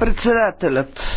Председателят